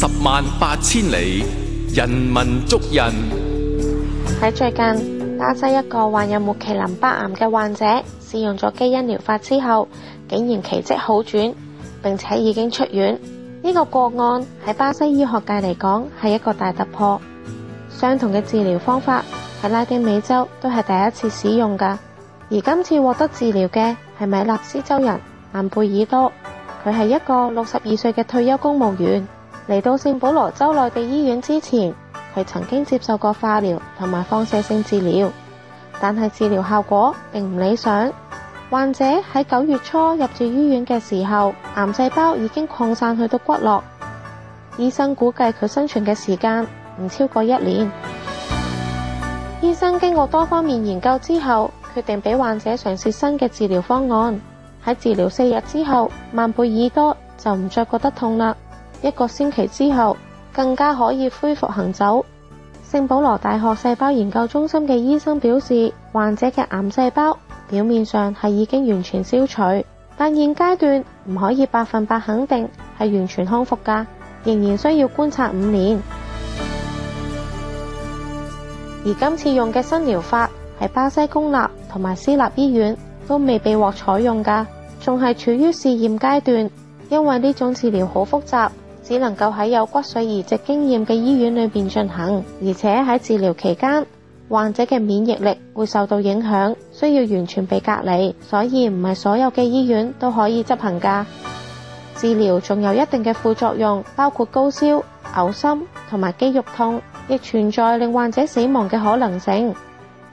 十萬八千里，人文足印。喺最近，巴西一個患有末期淋巴癌嘅患者，試用咗基因療法之後，竟然奇蹟好轉，並且已經出院。呢、這個個案喺巴西醫學界嚟講係一個大突破。相同嘅治療方法喺拉丁美洲都係第一次使用噶。而今次獲得治療嘅係米納斯州人安貝爾多，佢係一個六十二歲嘅退休公務員。嚟到聖保羅州內地醫院之前，佢曾經接受過化療同埋放射性治療，但係治療效果並唔理想。患者喺九月初入住醫院嘅時候，癌細胞已經擴散去到骨骼。醫生估計佢生存嘅時間唔超過一年。醫生經過多方面研究之後，決定俾患者嘗試新嘅治療方案。喺治療四日之後，萬貝爾多就唔再覺得痛啦。一個星期之後，更加可以恢復行走。聖保羅大學細胞研究中心嘅醫生表示，患者嘅癌細胞表面上係已經完全消除，但現階段唔可以百分百肯定係完全康復噶，仍然需要觀察五年。而今次用嘅新療法係巴西公立同埋私立醫院都未被獲採用噶，仲係處於試驗階段，因為呢種治療好複雜。只能夠喺有骨髓移植經驗嘅醫院裏邊進行，而且喺治療期間，患者嘅免疫力會受到影響，需要完全被隔離，所以唔係所有嘅醫院都可以執行㗎。治療仲有一定嘅副作用，包括高燒、嘔心同埋肌肉痛，亦存在令患者死亡嘅可能性。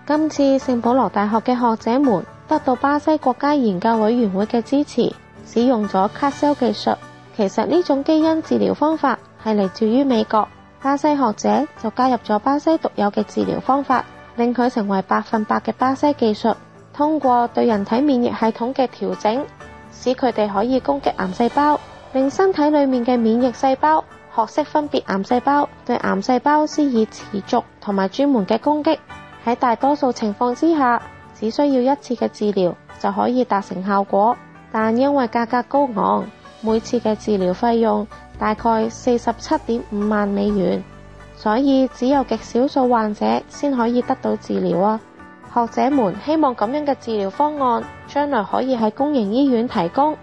今次聖保羅大學嘅學者們得到巴西國家研究委員會嘅支持，使用咗卡修技術。其實呢種基因治療方法係嚟自於美國，巴西學者就加入咗巴西獨有嘅治療方法，令佢成為百分百嘅巴西技術。通過對人體免疫系統嘅調整，使佢哋可以攻擊癌細胞，令身體裏面嘅免疫細胞學識分辨癌細胞，對癌細胞施以持續同埋專門嘅攻擊。喺大多數情況之下，只需要一次嘅治療就可以達成效果，但因為價格高昂。每次嘅治療費用大概四十七點五萬美元，所以只有極少數患者先可以得到治療啊。學者們希望咁樣嘅治療方案將來可以喺公營醫院提供，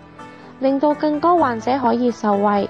令到更多患者可以受惠。